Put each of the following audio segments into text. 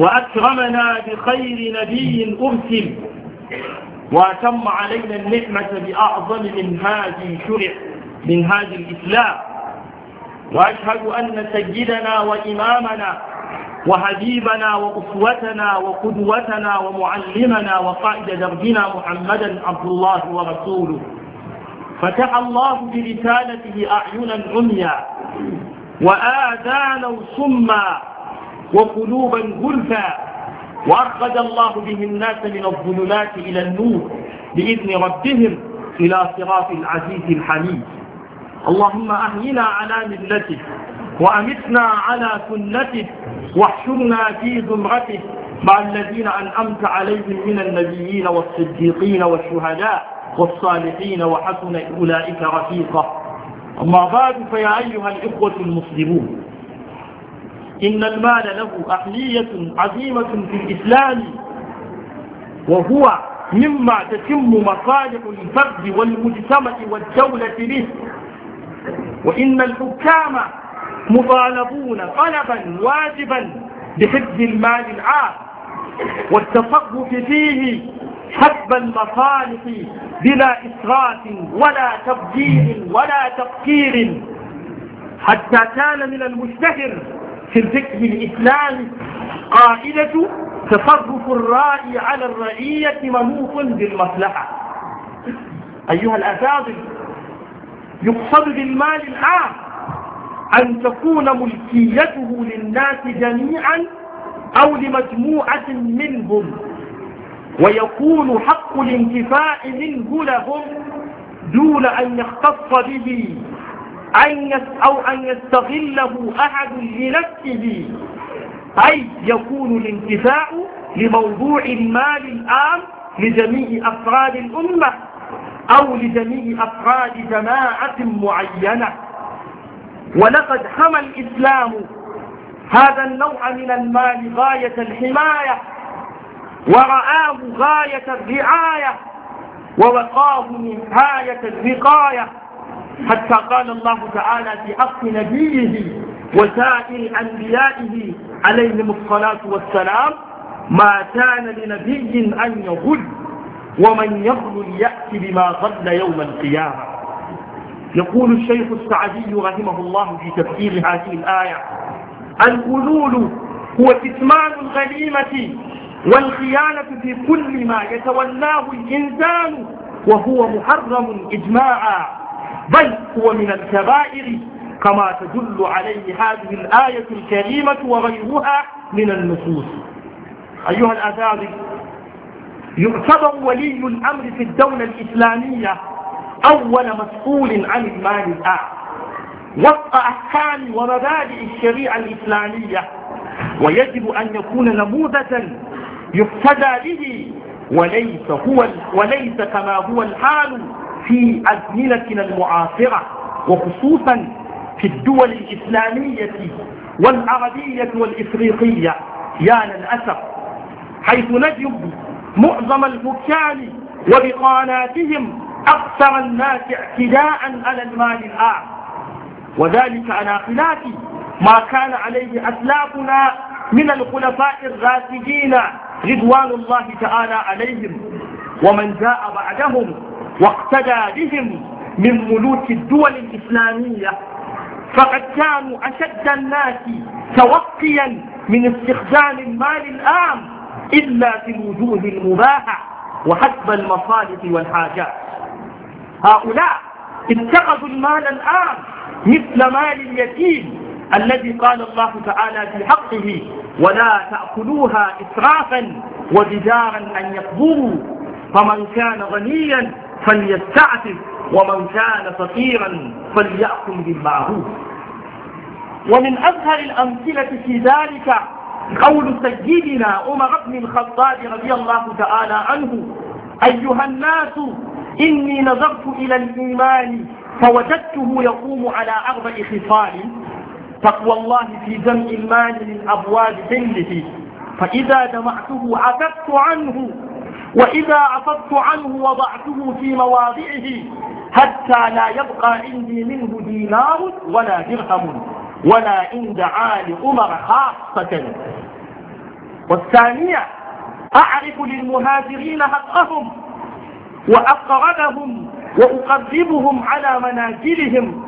وأكرمنا بخير نبي أرسل وأتم علينا النعمة بأعظم منهاج شرع منهاج الإسلام وأشهد أن سيدنا وإمامنا وحبيبنا وأسوتنا وقدوتنا ومعلمنا وقائد دربنا محمدا عبد الله ورسوله فتح الله برسالته أعينا عميا وآذانا صما وقلوبا غلفا وأرقد الله به الناس من الظلمات إلى النور بإذن ربهم إلى صراط العزيز الحميد اللهم أهلنا على ملته وأمتنا على سنته واحشرنا في زمرته مع الذين أنأمت عليهم من النبيين والصديقين والشهداء والصالحين وحسن أولئك رفيقا أما بعد فيا أيها الإخوة المسلمون إن المال له أهلية عظيمة في الإسلام وهو مما تتم مصالح الفرد والمجتمع والدولة به وإن الحكام مطالبون طلبا واجبا بحفظ المال العام والتصرف فيه حسب المصالح بلا إسراف ولا تبديل ولا تفكير حتى كان من المشتهر في الفقه الإسلامي قاعدة تصرف الرائي على الرعية منوط بالمصلحة أيها الأساتذة يقصد بالمال العام أن تكون ملكيته للناس جميعا أو لمجموعة منهم ويكون حق الانتفاع منه لهم دون أن يختص به أن أو أن يستغله أحد لنفسه أي يكون الانتفاع لموضوع المال الآن لجميع أفراد الأمة أو لجميع أفراد جماعة معينة ولقد حمى الإسلام هذا النوع من المال غاية الحماية ورآه غاية الرعاية ووقاه نهاية الوقاية حتى قال الله تعالى في حق نبيه وسائر أنبيائه عليهم الصلاة والسلام ما كان لنبي أن يغل ومن يغل يأتي بما غل يوم القيامة يقول الشيخ السعدي رحمه الله في تفسير هذه الآية الغلول هو كتمان الغنيمة والخيانة في كل ما يتولاه الإنسان وهو محرم إجماعا بل هو من الكبائر كما تدل عليه هذه الآية الكريمة وغيرها من النصوص أيها الأساتذة يعتبر ولي الأمر في الدولة الإسلامية أول مسؤول عن المال الآن وفق أحكام ومبادئ الشريعة الإسلامية ويجب أن يكون نموذجا يقتدى به وليس, هو وليس كما هو الحال في أزمنتنا المعاصرة وخصوصا في الدول الإسلامية والعربية والإفريقية يا للأسف حيث نجد معظم الحكام وبقاناتهم أكثر الناس اعتداء على المال الآن وذلك على خلاف ما كان عليه أسلافنا من الخلفاء الراشدين رضوان الله تعالى عليهم ومن جاء بعدهم واقتدى بهم من ملوك الدول الإسلامية فقد كانوا أشد الناس توقيا من استخدام المال الآن إلا في الوجوه المباحة وحسب المصالح والحاجات هؤلاء اتخذوا المال الآن مثل مال اليتيم الذي قال الله تعالى في حقه ولا تأكلوها إسرافا وبدارا أن يكبروا فمن كان غنيا فليستعفف ومن كان فقيرا فليأكل بالمعروف ومن أظهر الأمثلة في ذلك قول سيدنا عمر بن الخطاب رضي الله تعالى عنه أيها الناس إني نظرت إلى الإيمان فوجدته يقوم على أربع خصال تقوى الله في جمع المال من أبواب حله فإذا جمعته عتبت عنه وإذا عفضت عنه وضعته في مواضعه حتى لا يبقى عندي منه دينار ولا درهم ولا عند عال عمر خاصة والثانية أعرف للمهاجرين حقهم وأقربهم وأقربهم على منازلهم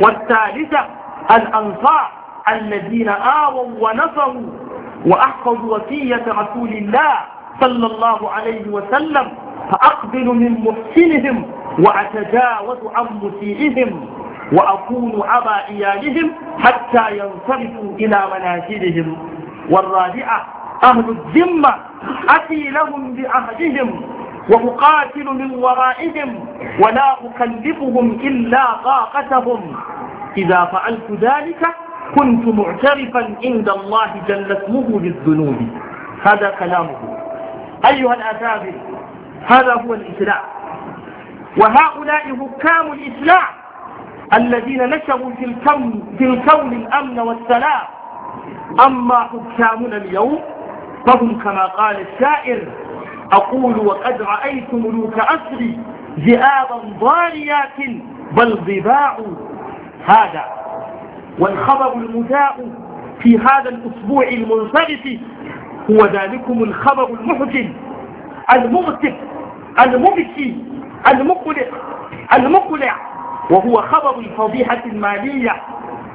والثالثة الأنصار الذين آووا ونصروا وأحفظوا وصية رسول الله صلى الله عليه وسلم فأقبل من محسنهم وأتجاوز عن مسيئهم وأكون أبا إيالهم حتى ينصرفوا إلى منازلهم والرابعة أهل الذمة أتي لهم بعهدهم وأقاتل من ورائهم ولا أكلفهم إلا طاقتهم إذا فعلت ذلك كنت معترفا عند الله جل اسمه بالذنوب هذا كلامه أيها الأكابر هذا هو الإسلام وهؤلاء حكام الإسلام الذين نشروا في الكون, في الكون الأمن والسلام أما حكامنا اليوم فهم كما قال الشاعر أقول وقد رأيت ملوك أسري ذئابا ضاريات بل ضباع هذا والخبر المذاع في هذا الأسبوع المنصرف هو ذلكم الخبر المحزن المغتب المبكي المقلع المقلع وهو خبر الفضيحة المالية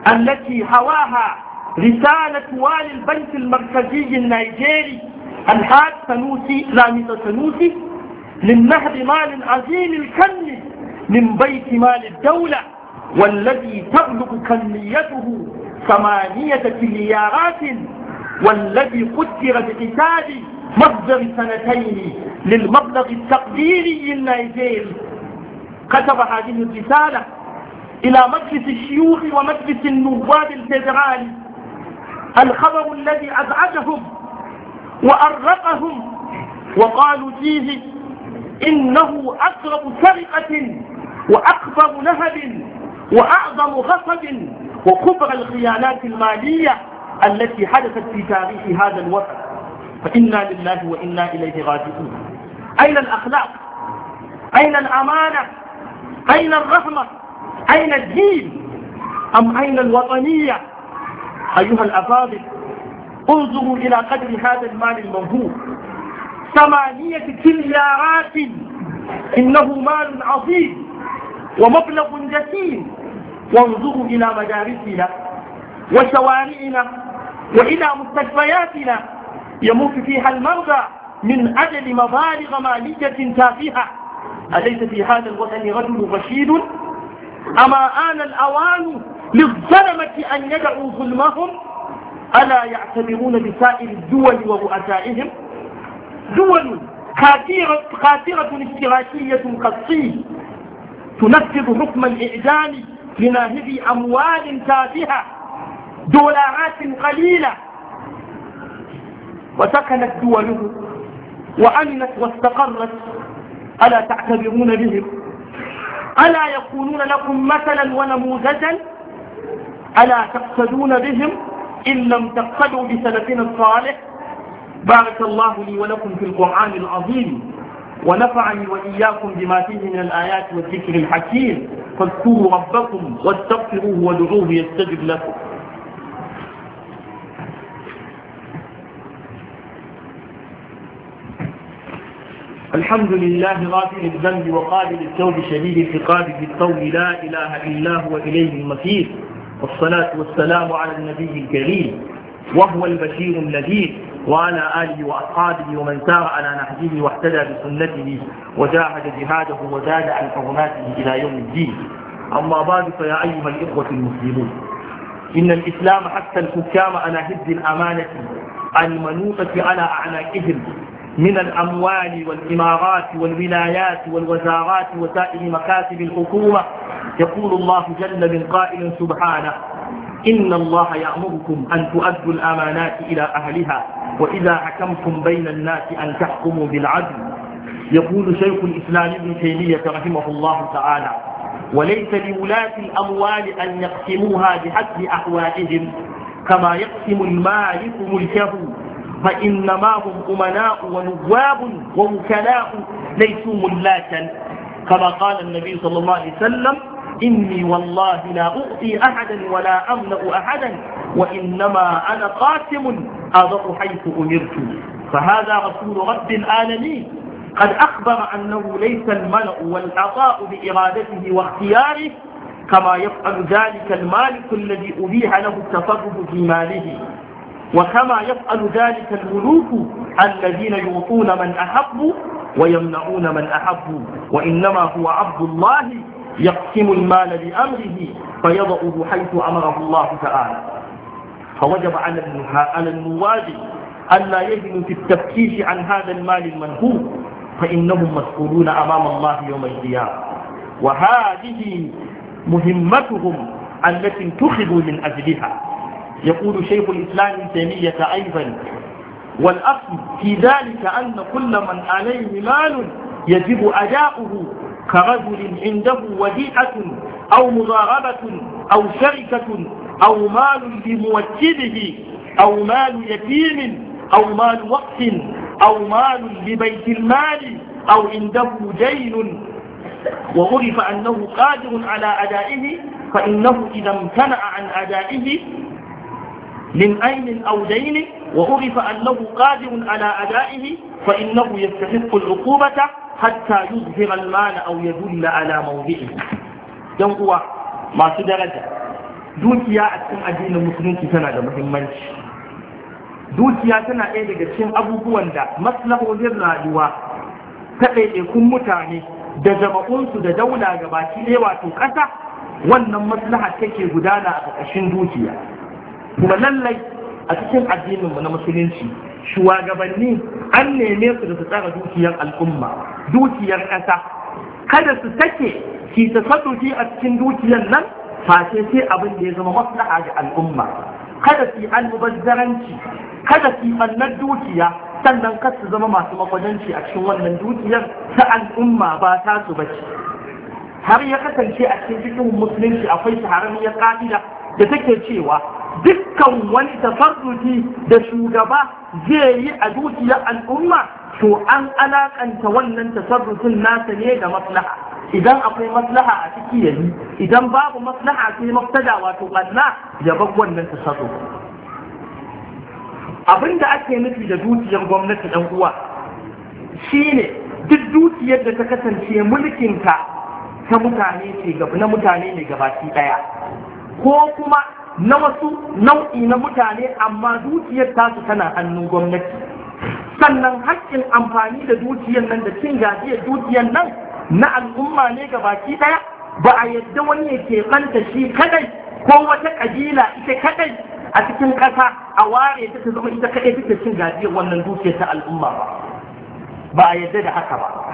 التي هواها رسالة والي البنك المركزي النيجيري الحاج سنوسي لاميد سنوسي من نهب مال عظيم الكم من بيت مال الدولة والذي تبلغ كميته ثمانية مليارات والذي قدر بكتاب مصدر سنتين للمبلغ التقديري للنيجير كتب هذه الرسالة إلى مجلس الشيوخ ومجلس النواب الفيدرالي الخبر الذي أبعدهم وأرقهم وقالوا فيه إنه أقرب سرقة وأكبر نهب وأعظم غصب وكبر الخيانات المالية التي حدثت في تاريخ هذا الوطن فإنا لله وإنا إليه راجعون أين الأخلاق أين الأمانة أين الرحمة أين الدين أم أين الوطنية أيها الأفاضل انظروا إلى قدر هذا المال الموهوب ثمانية تليارات إنه مال عظيم ومبلغ جسيم وانظروا إلى مدارسنا وشوارعنا وإلى مستشفياتنا يموت فيها المرضى من أجل مبالغ مالية تافهة أليس في هذا الوطن رجل رشيد أما آن الأوان للظلمة أن يدعوا ظلمهم ألا يعتبرون بسائر الدول ورؤسائهم دول خاترة, خاترة اشتراكية قصية تنفذ حكم الإعدام لناهبي أموال تافهة دولارات قليلة وسكنت دوله وأمنت واستقرت ألا تعتبرون بهم ألا يكونون لكم مثلا ونموذجا ألا تقتدون بهم إن لم تقتدوا بسلفنا الصالح بارك الله لي ولكم في القرآن العظيم ونفعني وإياكم بما فيه من الآيات والذكر الحكيم فاذكروا ربكم واستغفروه ودعوه يستجب لكم الحمد لله غافل الذنب وقابل التوب شديد العقاب في التوب لا إله إلا هو إليه المصير والصلاة والسلام على النبي الكريم وهو البشير النذير وعلى آله وأصحابه ومن سار على نهجه واهتدى بسنته وجاهد جهاده وزاد عن حرماته إلى يوم الدين أما بعد فيا أيها الإخوة المسلمون إن الإسلام حتى الحكام على هد الأمانة المنوطة على أعناقهم من الأموال والإمارات والولايات والوزارات وسائر مكاتب الحكومة يقول الله جل من قائل سبحانه إن الله يأمركم أن تؤدوا الأمانات إلى أهلها وإذا حكمتم بين الناس أن تحكموا بالعدل يقول شيخ الإسلام ابن تيمية رحمه الله تعالى وليس لولاة الأموال أن يقسموها بحسب أحوالهم كما يقسم المالك ملكه فإنما هم أمناء ونواب ووكلاء ليسوا ملاكا كما قال النبي صلى الله عليه وسلم إني والله لا أعطي أحدا ولا أملأ أحدا وإنما أنا قاسم أضر حيث أمرت فهذا رسول رب العالمين قد أخبر أنه ليس الملأ والعطاء بإرادته واختياره كما يفعل ذلك المالك الذي أبيح له التصرف في ماله وكما يفعل ذلك الملوك الذين يعطون من أحبوا ويمنعون من أحبوا وإنما هو عبد الله يقسم المال بأمره فيضعه حيث أمره الله تعالى فوجب على ان ألا يجن في التفتيش عن هذا المال المنهوب فإنهم مسؤولون أمام الله يوم القيامة وهذه مهمتهم التي انتخبوا من أجلها يقول شيخ الإسلام ابن تيمية أيضا والأصل في ذلك أن كل من عليه مال يجب أداؤه كرجل عنده وديعة أو مضاربة أو شركة أو مال لموكله أو مال يتيم أو مال وقت أو مال لبيت المال أو عنده دين وعرف أنه قادر على أدائه فإنه إذا امتنع عن أدائه من أين أو دين وعرف أنه قادر على أدائه فإنه يستحق العقوبة حتى يظهر المال أو يدل على موضعه دون ينقوى ما درجة دوكيا أتكن أدين المسلمين سنة مهمة دوكيا سنة إيه لجسين أبو بواندا مسلح وزرنا جوا تقيقكم متاني da jama'unsu da daula gabaki ɗaya wato ƙasa wannan maslaha take gudana a ƙarƙashin dukiya kuma lallai a cikin addinin mu na musulunci shugabanni an neme su da su tsara dukiyar al'umma dukiyar ƙasa kada su take ki ta saduki a cikin dukiyar nan face sai abin da ya zama maslaha ga al'umma kada su yi almubazzaranci kada su yi dukiya sannan kar su zama masu makwadanci a cikin wannan dukiyar ta al'umma ba ta su bace har ya kasance a cikin cikin musulunci akwai shahararriyar ƙa'ida da take cewa dukkan wani tafarruki da shugaba zai yi a dukiyar al'umma to an alakanta wannan tasarrufin nasa ne da maslaha idan akwai maslaha a ciki yayi idan babu maslaha sai mafsada wato banna ya bar wannan tasarruf abin da ake nufi da dukiyar gwamnati ɗan uwa shine duk dukiyar da ta kasance mulkinka ta mutane na mutane ne gabaki ɗaya ko kuma na wasu nau'i na mutane amma dukiyar tasu tana hannun gwamnati sannan haƙƙin amfani da dukiyar nan da cin gajiyar dukiyar nan na al'umma ne ga baki ɗaya ba a yadda wani ya keɓanta shi kadai ko wata ƙabila ita kadai a cikin ƙasa a ware ta ta zama ita kadai duk da cin gajiyar wannan dukiyar ta al'umma ba ba a yadda da haka ba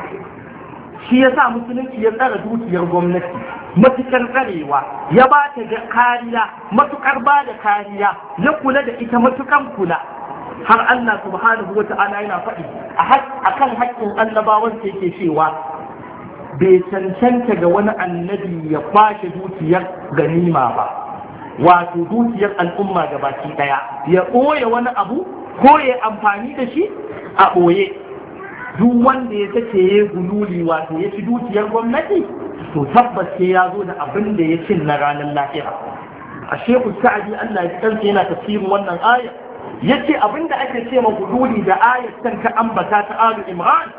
shi ya sa musulunci ya tsara dukiyar gwamnati matukar tsarewa ya ba ta da kariya Matuƙar ba da kariya ya kula da ita matukan kula har Allah subhanahu wa ta'ala yana faɗi a kan haƙƙin annabawan sai ke cewa bai cancanta ga wani annabi ya kwashe dukiyar ganima ba wato dukiyar al'umma da baki ɗaya ya ɓoye wani abu ko ya amfani da shi a ɓoye duk wanda ya take ya gululi wato ya ci dukiyar gwamnati to tabbas sai ya zo da abin da ya cin na ranar lahira a shehu sa'adi Allah ya kansa yana tafsirin wannan aya ce abin da ake ce ma gululi da ayar san ka ambata ta alu imran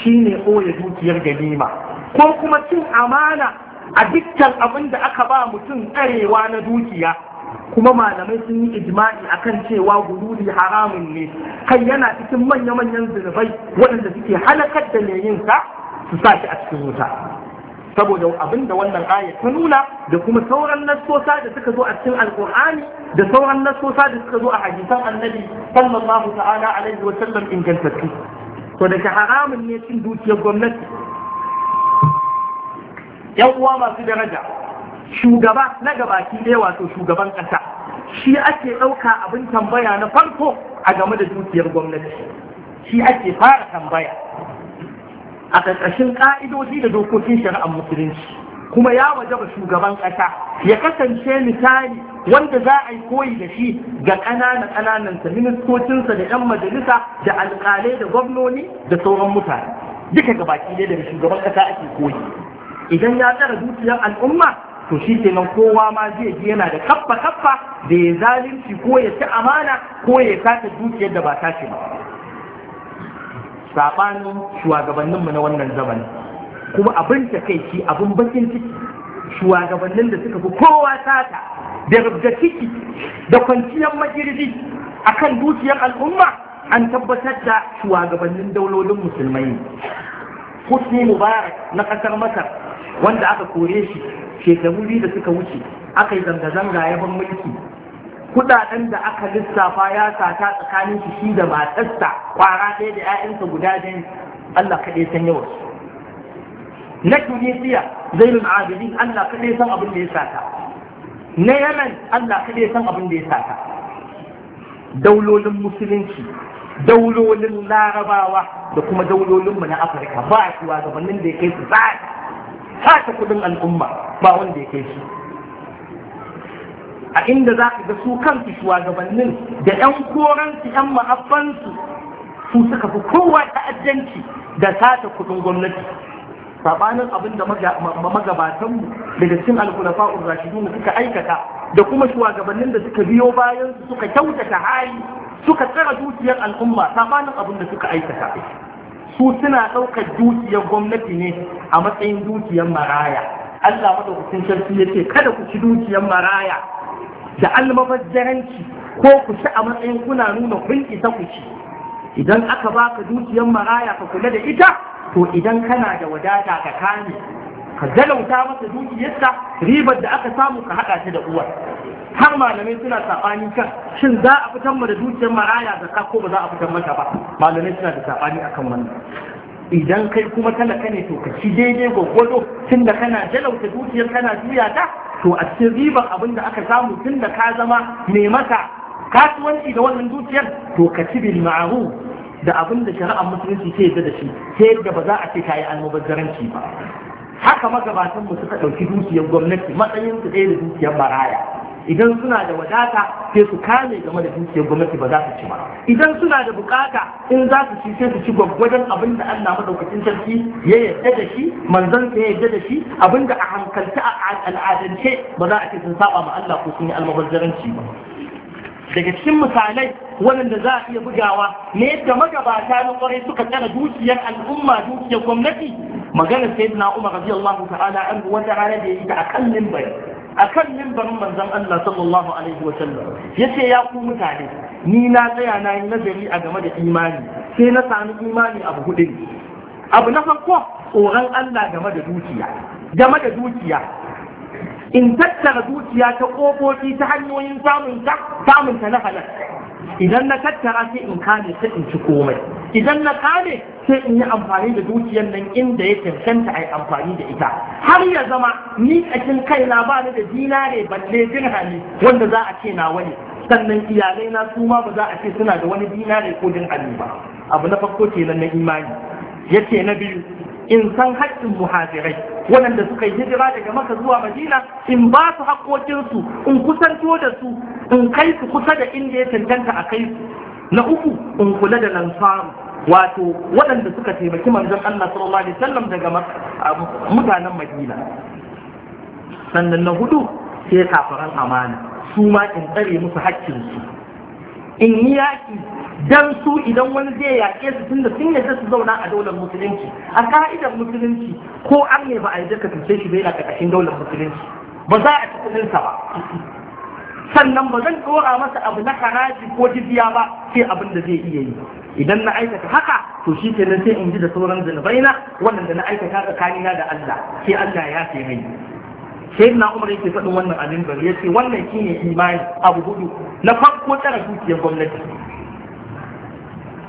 shine koya dukiyar ganima ko kuma cin amana a dukkan abin da aka ba mutum tsarewa na dukiya kuma malamai sun yi ijma'i akan cewa gururi haramun ne kai yana cikin manya-manyan zunubai waɗanda suke halakar da mai yin sa su sa shi a cikin wuta saboda abin da wannan aya ta nuna da kuma sauran nassosa da suka zo a cikin alkur'ani da sauran nassosa da suka zo a hadisan annabi sallallahu ta'ala alaihi wa sallam ingantattu to daga haramun ne cin dukiyar gwamnati yan uwa masu daraja shugaba na gabaki ɗaya wato shugaban ƙasa shi ake ɗauka abin tambaya na farko a game da dukiyar gwamnati shi ake fara tambaya a ƙarƙashin ƙa'idoji da dokokin shari'ar musulunci kuma ya wajaba shugaban ƙasa ya kasance misali wanda za a yi koyi da shi ga ƙananan ƙananansa ministocinsa da 'yan majalisa da alƙalai da gwamnoni da sauran mutane duka gabaki ɗaya daga shugaban ƙasa ake koyi idan ya tsara dukiyar al'umma to shi kenan kowa ma zai ji yana da kaffa kaffa da ya zalunci ko ya ci amana ko ya sata dukiyar da ba ta shi ba sabanin shugabanninmu na wannan zaman kuma abin ta kai shi abin bakin ciki shugabannin da suka fi kowa sata da rubda ciki da kwanciyar a akan dukiyar al'umma an tabbatar da shugabannin daulolin musulmai husni mubarak na ƙasar masar wanda aka kore shi shekaru biyu da suka wuce aka yi zanga-zanga ya ban mulki kudaden da aka lissafa ya sata tsakanin shi shi da matarsa kwara ɗaya da 'ya'yansa guda biyu Allah kaɗai san yawan su na tunisiya zainul abidin Allah kaɗai san abin da ya sata na yaman Allah kaɗai san abin da ya sata daulolin musulunci daulolin larabawa da kuma daulolinmu na afirka ba shi gabanin da ya kai su zaɓi sace kudin al'umma ba wanda ya kai su, a inda za ka ga su kansu shugabannin da 'yan koransu 'yan ma'abbansu su suka fi kowa ta'addanci da sace kudin gwamnati sabanin abin da magabatanmu daga cikin alkulafa urashidun suka aikata da kuma shugabannin da suka biyo bayan suka kyautata hali suka tsara dukiyar al'umma sabanin abin da suka aikata su suna ɗaukar dukiyar gwamnati ne a matsayin dukiyar maraya Allah madaukakin sarki ya ce kada ku ci dukiyar maraya da almabajjaranci ko ku ci a matsayin kuna nuna kun ita ku ci idan aka baka dukiyar maraya ka kula da ita to idan kana da wadata ka kame ka zalauta masa dukiyarsa ribar da aka samu ka haɗa shi da uwar har malamai suna sabani kan shin za a fitar mu da dukiyar maraya da ka ko ba za a fitar mata ba malamai suna da sabani akan wannan idan kai kuma kana kane to ka ci daidai gwaggwado tun da kana jalauta dukiyar kana juya ta to a cikin riban abin da aka samu tun da ka zama mai mata kasuwanci da wannan dukiyar to ka ci bil ma'ruf da abin da shari'ar musulunci ke yadda da shi ta da ba za a ce ka yi almubazzaranci ba haka magabatan mu suka ɗauki dukiyar gwamnati matsayin su ɗaya da dukiyar maraya. idan suna da wadata sai su kame game da dukiyar gwamnati ba za su ci ba idan suna da bukata in za su ci sai su ci gwaggwajen abin da Allah madaukakin sarki ya yarda da shi manzon ya yarda da shi abin da a hankalta a al'adance ba za a ce sun saba ma Allah ko sun yi almubazzaranci ba daga cikin misalai wanda za a iya bugawa ne yadda magabata na kwarai suka tsara dukiyar al'umma dukiyar gwamnati magana sayyidina Umar radiyallahu ta'ala an wata rana da ya yi ta akallin bai akan mimbarin manzon Allah sallallahu alaihi wa sallam ce ya ku mutane ni na tsaya na yi nazari a game da imani sai na sami imani abu hudu abu na farko tsoron Allah game da dukiya game da dukiya in tattara dukiya ta kofofi ta hanyoyin samun ta samun ta na halal idan na tattara sai in kame sai in ci komai idan na kame sai in yi amfani da dukiyar nan inda ya cancanta a yi amfani da ita har ya zama ni a cikin na ba ni da dinare balle dirhami wanda za a ce na wani sannan iyalai na su ma ba za a ce suna da wani dinare ko dirhami ba abu na farko kenan na imani yace na biyu in san haƙƙin muhajirai waɗanda suka yi hijira daga maka zuwa madina in ba su haƙƙoƙinsu in kusanto da su in kai su kusa da inda ya cancanta a kai su na uku in kula da lansaru wato waɗanda suka taimaki manzon Allah sallallahu alaihi wasallam daga mutanen madina sannan na hudu sai kafaran amana su ma in tsare musu haƙƙinsu in yi yaƙi dan su idan wani zai yaƙe su tunda sun yadda su zauna a daular musulunci a ka'idar musulunci ko an ne ba a yi ka tuce shi bai na ƙarƙashin daular musulunci ba za a ci ba sannan ba zan ɗora masa abu na haraji ko jibiya ba sai abin da zai iya yi idan na aikata haka to shi nan sai in ji da sauran zinubai na wannan da na aikata tsakanina da Allah sai Allah ya fi mai sai na umar yake faɗin wannan abin bari ya ce wannan shine imani abu hudu na farko tsara dukiyar gwamnati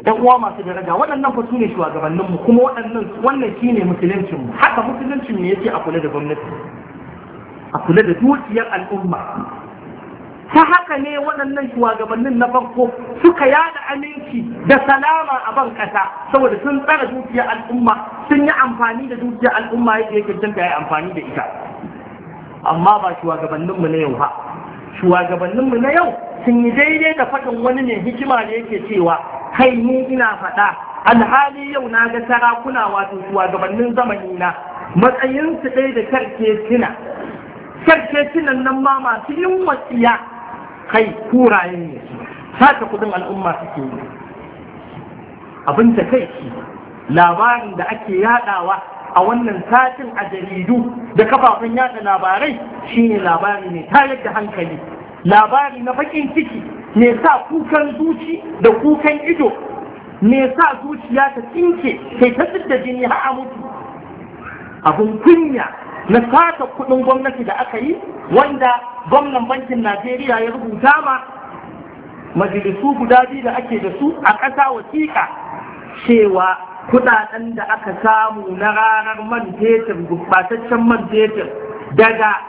yan uwa masu daraja waɗannan fa su ne shugabannin mu kuma waɗannan wannan shine musuluncin mu haka musuluncin ne yake a kula da gwamnati a kula da dukiyar al'umma ta haka ne waɗannan shugabannin na farko suka yada aminci da salama a ban kasa saboda sun tsara dukiyar al'umma sun yi amfani da dukiyar al'umma yadda yake janta ya amfani da ita amma ba shugabanninmu na yau ha shugabanninmu na yau sun yi daidai da faɗin wani ne hikima ne yake cewa kai ni ina faɗa alhali yau na ga sarakuna wato gabanin zamani na matsayin su ɗaya da karke sina karke sinan nan ma masu yin wasiya kai kurayen ne sace kudin al'umma suke yi abin da kai labarin da ake yadawa a wannan satin a jaridu da kafafen yada labarai shine labari ne ta yadda hankali labari na bakin ciki me sa kukan zuci da kukan ido me sa zuciya ta tsinke sai ta da jini har a mutu abun kunya na sata kudin gwamnati da aka yi wanda gwamnan bankin najeriya ya rubuta ma majalisu guda biyu da ake da su a ƙasa wasiƙa cewa kudaden da aka samu na ranar man fetur gurbataccen man fetur daga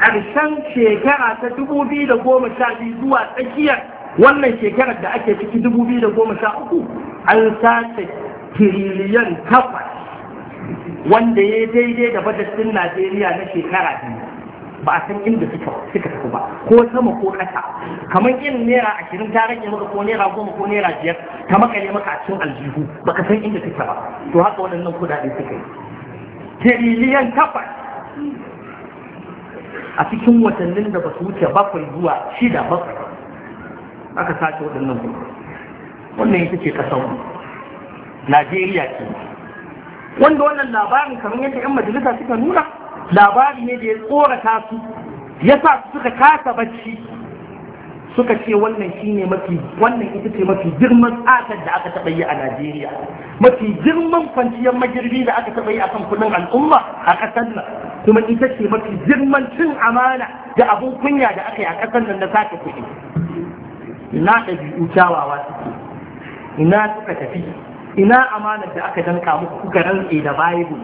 ƙarshen shekara ta dubu biyu da goma sha biyu zuwa tsakiyar wannan shekarar da ake ciki dubu biyu da goma sha uku an sace tiriliyan takwas wanda ya daidai da bajetin najeriya na shekara biyu ba a san inda suka suka tafi ba ko sama ko ƙasa kamar irin naira ashirin ta rage maka ko naira goma ko naira biyar ta makale maka a cikin aljihu ka san inda suka ba to haka waɗannan kuɗaɗe suka yi tiriliyan takwas a cikin watannin da ba su wuce bakwai zuwa shida bakwai aka sace waɗannan kuma wannan ita ce ƙasar najeriya ce. wanda wannan labarin kamar yadda 'yan majalisa suka nuna labari ne da ya tsorata su ya sa su suka kasa bacci suka ce wannan ne mafi wannan ita ce mafi girman tsatar da aka taɓa yi a Najeriya mafi girman kwanciyar magirbi da aka taɓa yi a kan kudin al'umma a ƙasar nan kuma ita ce mafi girman cin amana da abun kunya da aka yi a ƙasar nan na sake kuɗi ina ɗabi'u kyawawa suke ina suka tafi ina amana da aka danka muku kuka rantse da bible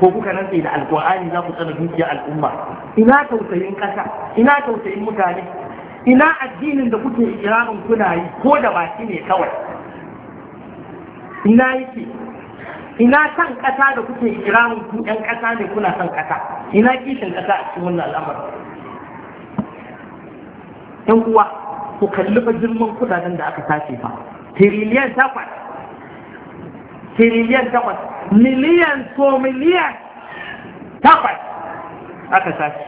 ko kuka rantse da alƙur'ani za ku tsana dukiyar al'umma ina tausayin ƙasa ina tausayin mutane ina addinin da kuke iranin kuna yi ko da baki ne kawai ina yake ina san ƙasa da kuke iranin ku 'yan ƙasa ne kuna san ƙasa ina kishin ƙasa a cikin wannan al'amarin ɗan uwa ku kalli fa girman kudaden da aka tace fa tiriliyan takwas tiriliyan takwas miliyan so miliyan takwas aka tace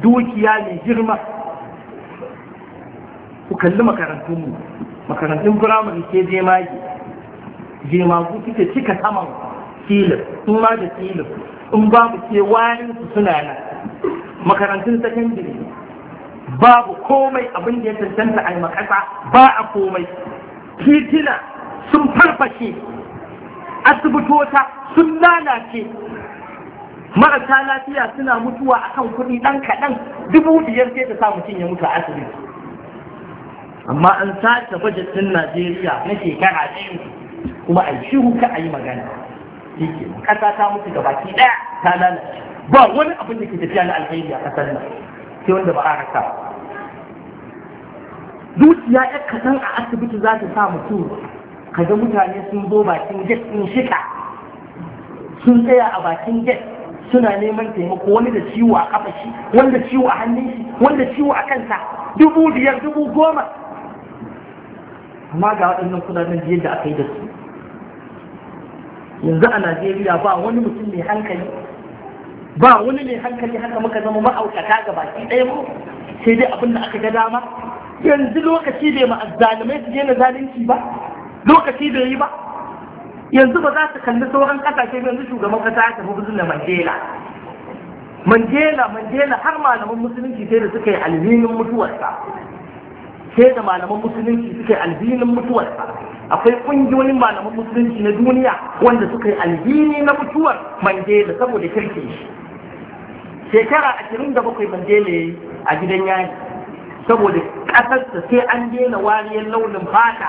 dukiya mai girma ku kalli makarantunmu makarantun firamare ke jemagi jemagu suke cika saman filin in ma da filin in babu ke warin su suna nan makarantun sakandare babu komai abin da ya tantanta a makasa ba a komai titina sun farfashe asibitota sun lalace marasa lafiya suna mutuwa akan kuɗi ɗan kaɗan dubu biyar sai ta sa mutum ya mutu a asibiti amma an sace bajet Najeriya na shekara biyu kuma a shiru ka a yi magana shi ƙasa ta mutu ga baki ɗaya ta lalace ba wani abin da ke tafiya na alheri a ƙasar nan sai wanda ba a rasa dukiya ya kaɗan a asibiti za ta sa mutum kaga mutane sun zo bakin jet ɗin shika sun tsaya a bakin jet suna neman taimako wani da ciwo a kafa shi wanda ciwo a hannun shi wanda ciwo a kansa dubu biyar dubu goma amma ga waɗannan kudaden biyar da aka yi da su yanzu a najeriya ba wani mutum mai hankali ba wani mai hankali haka muka zama ma'aukata ga baki ɗaya ko sai dai abin da aka ga dama yanzu lokaci bai ma'azzalimai su daina zalunci ba lokaci bai yi ba yanzu ba za su kalli sauran kasashe yanzu shugaban kasa ya tafi bizin da mandela mandela mandela har malaman musulunci sai da suka yi alhinin mutuwarsa sai da malaman musulunci suka yi albinin mutuwarsa akwai kungiyoyin malaman musulunci na duniya wanda suka yi albini na mutuwar mandela saboda kirkin shi shekara ashirin da bakwai mandela ya yi a gidan yayi saboda ƙasarsa sai an daina wariyar launin fata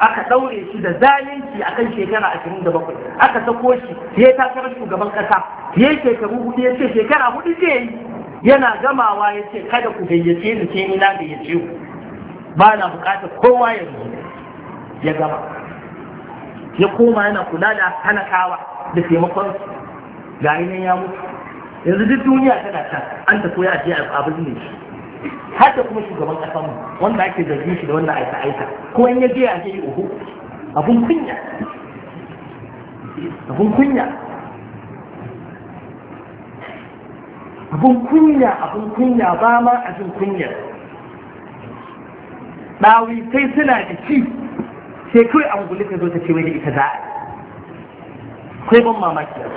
aka ɗaure shi da zalunci a kan shekara ashirin da bakwai aka sako shi ya takarar shugaban ƙasa ya yi shekaru hudu ya ce shekara hudu zai yi yana gamawa ya ce kada ku gayyace ni sai ina gayyace ku ba na bukatar kowa ya zo ya gama ya koma yana kula da hana kawa da taimakon ga nan ya mutu yanzu duk duniya tana ta an ta koya ajiye abin ne shi har da kuma shugaban kasanmu wanda ake zargi shi da wannan aika aika ko an ya je a yi, uhu abun kunya abun kunya abun kunya abun kunya ba ma abin kunya ɗawi sai suna da shi sai kawai a guli ta zo ta ce wani ita za a kai ban mamaki a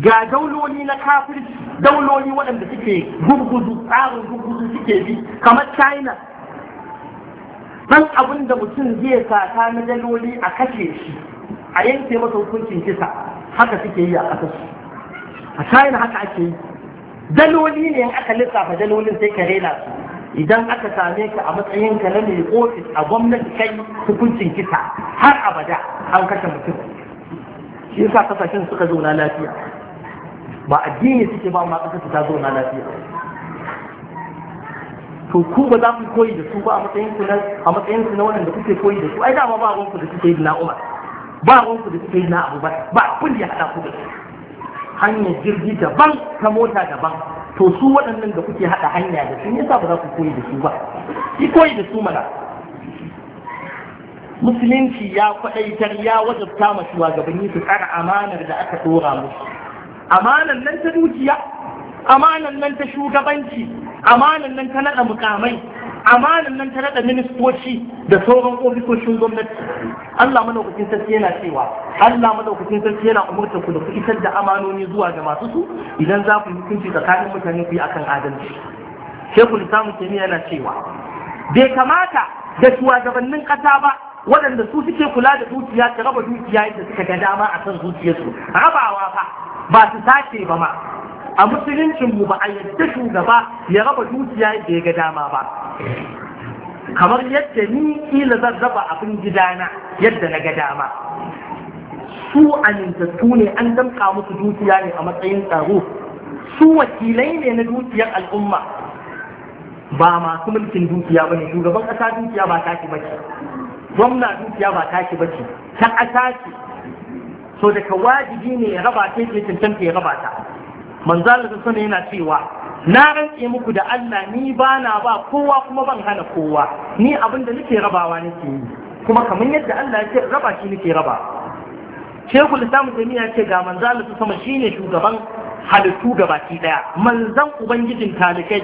ga dauloli na kafirci dauloli waɗanda suke gurguzu tsarin gurguzu suke bi kamar china ɗan abin da mutum zai sata na daloli a kashe shi a yanke masa hukuncin kisa haka suke yi a su a china haka ake yi daloli ne aka lissafa dalolin sai ka rena su idan aka same ka a matsayin ka na mai ofis a gwamnati kai hukuncin kisa har abada an kashe mutum shi yasa kasashen suka zauna lafiya ba addini suke ba ma kasashe ta zauna lafiya to ku ba za ku koyi da su ba a matsayin ku na a matsayin ku na wanda kuke koyi da su ai dama ba ruwan ku da kuke yi na Umar ba ruwan ku da kuke yi na Abubakar ba abin da ya hada ku da su hanyar jirgi daban ta mota daban to su waɗannan da kuke haɗa hanya da su yasa ba za ku koyi da su ba ki koyi da su mana musulunci ya kwaɗaitar ya wajabta ma shugabanni su tsara amanar da aka ɗora musu amanar nan ta dukiya amanar nan ta shugabanci amanar nan ta naɗa mukamai amanan nan ta rada ministoci da sauran ofisoshin gwamnati Allah madaukakin sarki yana cewa Allah madaukakin sarki yana umurta ku da ku isar da amanoni zuwa ga masu su idan za ku yi hukunci tsakanin mutane ku yi akan adalci Sheikhul Islam Taimiyya yana cewa bai kamata da shugabannin ƙasa ba waɗanda su suke kula da dukiya ta raba dukiya yadda suka ga dama akan zuciyarsu rabawa fa ba su sace ba ma a musuluncin mu ba a yadda shugaba ya raba dukiya da ya ga dama ba kamar yadda ni kila zan raba abin gidana yadda na ga dama su amintattu ne an damka musu dukiya ne a matsayin tsaro su wakilai ne na dukiyar al'umma ba masu mulkin dukiya ba ne shugaban ƙasa dukiya ba tashi ba ce gwamna dukiya ba tashi ba ce ta ƙasa ce so daga wajibi ne ya raba ta ke cancanta ya raba ta manzala ta sana yana cewa na rantse muku da Allah ni ba na ba kowa kuma ban hana kowa ni abin da nake rabawa nake yi kuma kamar yadda Allah ya ce raba shi nake raba shekul islam ya ce ga manzala ta sama shine shugaban halittu baki daya manzan ubangijin talikai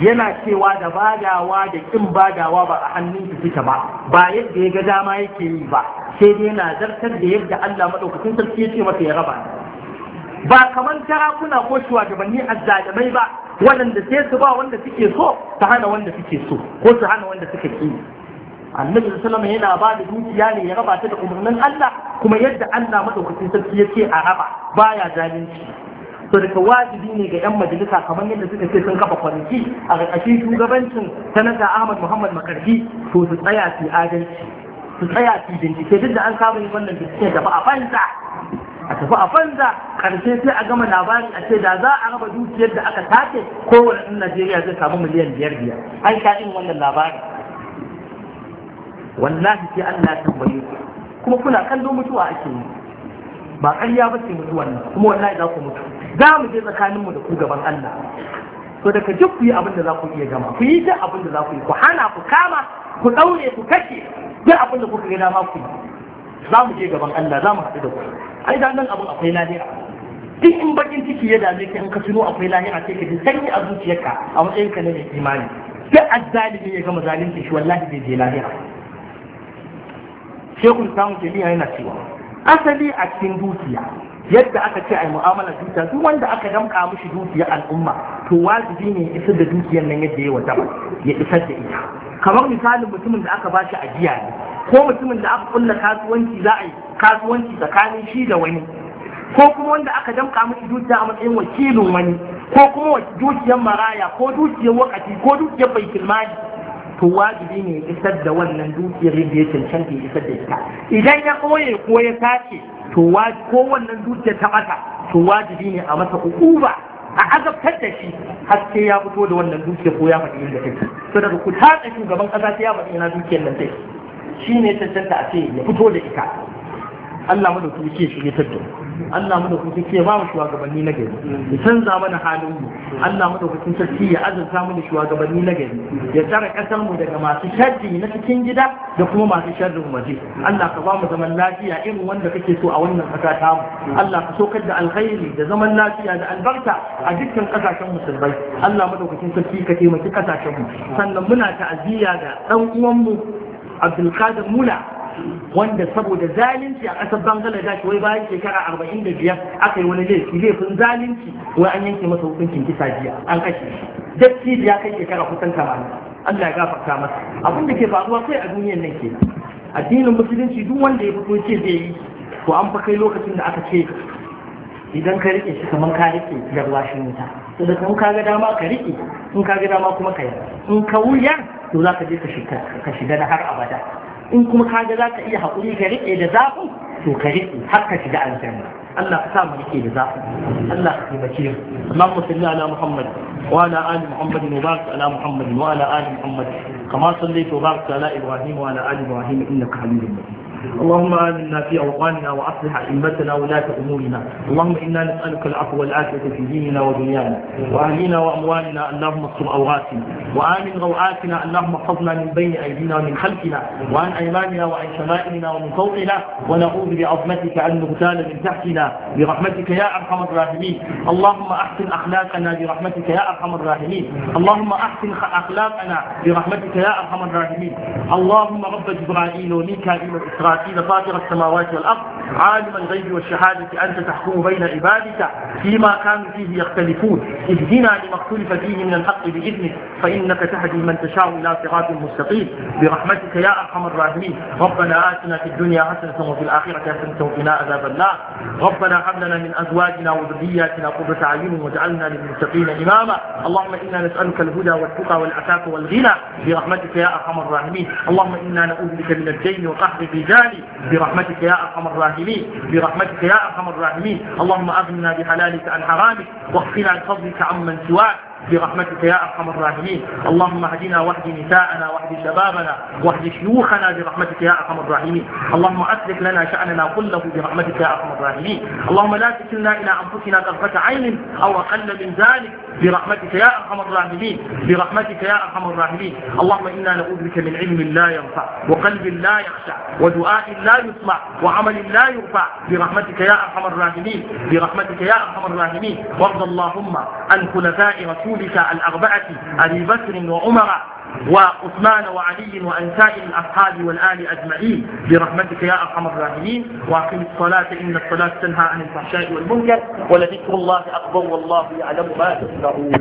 yana cewa da badawa da kin badawa ba a hannun ki fita ba ba yadda ya ga dama yake yi ba sai dai yana zartar da yadda Allah madaukakin sarki ya ce masa ya raba ba kamar sarakuna ko shugabanni azzalimai ba waɗanda sai su ba wanda suke so su hana wanda suke so ko su hana wanda suka ki annabi sallallahu yana ba da dukiya ne ya raba ta da umarnin Allah kuma yadda Allah madaukakin sarki yake a raba baya zalunci to daga wajibi ne ga 'yan majalisa kamar yadda suka ce sun kafa kwanaki a ƙarƙashin shugabancin sanata Ahmad Muhammad Makarfi to su tsaya su adalci su tsaya su bincike duk da an samu yi wannan bincike tafi a fanta a tafi a fanta karshe sai a gama labarin a ce da za a raba dukiyar da aka tace kowane ɗan Najeriya zai samu miliyan biyar biyar an sha yin wannan labarin wallahi sai Allah ya tambaye ku kuma kuna kallo mutuwa ake yi ba ƙarya ba ce mutuwan nan kuma wallahi za ku mutu za mu je tsakaninmu da ku gaban Allah to daga duk ku yi abin da za ku iya gama ku yi duk abin da za ku yi ku hana ku kama ku ɗaure ku kashe abin da kuka gina maku za mu je gaban Allah za mu haɗu da ku ai da nan abin akwai lahira duk in bakin ciki ya dame ka in ka tuno akwai lahira sai ka ji sanyi a zuciyarka a matsayin ka na mai imani sai azzalimi ya gama zalunci shi wallahi bai je lahira shekul samun jami'a yana cewa asali a cikin dukiya yadda aka ce yi mu'amala dukiya duk wanda aka damka mishi dukiya al'umma to wajibi ne ya isar da dukiyar nan yadda ya wata ya isar da ita kamar misalin mutumin da aka ba shi ajiya ne ko mutumin da aka kulla kasuwanci za a yi kasuwanci tsakanin shi da wani ko kuma wanda aka damka miki dukiya a matsayin wakilin wani ko kuma dukiyar maraya ko dukiyar wakati ko dukiyar baitul mali to wajibi ne ya isar da wannan dukiyar da ya cancanta ya isar da ita idan ya koye ko ya sace to ko wannan dukiyar ta mata to wajibi ne a masa hukuma a azabtar da shi har sai ya fito da wannan dukiyar ko ya faɗi inda take to daga ku tatsa shugaban kasa sai ya faɗi ina dukiyar nan take shi ne cancanta a ce ya fito da ita Allah mu da kuma ke shi ne tattu Allah mu da kuma ke ba mu shugabanni na gari ya canza mana halin mu Allah mu da kuma sarki ya azurta mu da shugabanni na gari ya tsara kasar mu daga masu sharri na cikin gida da kuma masu sharrin waje Allah ka ba mu zaman lafiya irin wanda kake so a wannan kasa ta mu Allah ka sokar da alkhairi da zaman lafiya da albarka a dukkan kasashen musulmai Allah mu da kuma sarki ka taimaki kasashen mu sannan muna ta'aziyya da dan uwan mu abdulkadir mula wanda saboda zalunci a ƙasar bangladesh wai bayan shekara arba'in da biyar aka yi wani laifi laifin zalunci wai an yanke masa hukuncin kisa jiya an kashe shi ya kai shekara kusan tamanin allah ya gafarta masa abin da ke faruwa sai a duniyar nan kenan addinin musulunci duk wanda ya fito ce zai yi to an fa kai lokacin da aka ce idan ka rike shi kamar ka rike garwashin wuta da kan ga dama ka riƙe in ka ga dama kuma ka yi. in ka wuya to za ka je ka shiga da har abada in kuma kaga za ka iya haƙuri ka riƙe da zafin to ka riƙe har ka shiga aljanna Allah ya sa mu riƙe da zafin Allah ka taimake mu Allahumma salli ala Muhammad wa ala ali Muhammad wa barik ala Muhammad wa ala ali Muhammad kama sallaita wa barakta ala Ibrahim wa ala ali Ibrahim innaka Hamidum Majid اللهم آمنا في أوطاننا وأصلح أئمتنا ولاة أمورنا اللهم إنا نسألك العفو والعافية في ديننا ودنيانا وأهلينا وأموالنا اللهم اغفر أوقاتنا وآمن روعاتنا اللهم احفظنا من بين أيدينا ومن خلفنا وعن أيماننا وعن شمائلنا ومن فوقنا ونعوذ بعظمتك أن نغتال من تحتنا برحمتك يا أرحم الراحمين اللهم أحسن أخلاقنا برحمتك يا أرحم الراحمين اللهم أحسن أخلاقنا برحمتك يا أرحم الراحمين اللهم رب جبرائيل وميكائيل وإسرائيل عقيل فاطر السماوات والأرض عالم الغيب والشهادة أنت تحكم بين عبادك فيما كانوا فيه يختلفون اهدنا لما اختلف فيه من الحق بإذنك فإنك تهدي من تشاء إلى صراط مستقيم برحمتك يا أرحم الراحمين ربنا آتنا في الدنيا حسنة وفي الآخرة حسنة وقنا عذاب النار ربنا هب لنا من أزواجنا وذرياتنا قرة أعين واجعلنا للمتقين إماما اللهم إنا نسألك الهدى والتقى والعفاف والغنى برحمتك يا أرحم الراحمين اللهم إنا نعوذ بك من الدين وقهر الرجال الجلال برحمتك يا أرحم الراحمين برحمتك يا أرحم الراحمين اللهم أغننا بحلالك عن حرامك واغفنا بفضلك عمن سواك برحمتك يا أرحم الراحمين اللهم اهدنا واهد نساءنا واهد شبابنا واهد شيوخنا برحمتك يا أرحم الراحمين اللهم أسلك لنا شأننا كله برحمتك يا أرحم الراحمين اللهم لا تكلنا إلى أنفسنا طرفة عين أو أقل من ذلك برحمتك يا أرحم الراحمين برحمتك يا أرحم الراحمين اللهم إنا نعوذ بك من علم لا ينفع وقلب لا يخشع ودعاء لا يسمع وعمل لا يرفع برحمتك يا أرحم الراحمين برحمتك يا أرحم الراحمين وارض اللهم عن خلفاء رسول رسولك الأربعة أبي بكر وعمر وعثمان وعلي وأن سائر الأصحاب والآل أجمعين برحمتك يا أرحم الراحمين وأقم الصلاة إن الصلاة تنهى عن الفحشاء والمنكر ولذكر الله أكبر والله يعلم ما تفعلون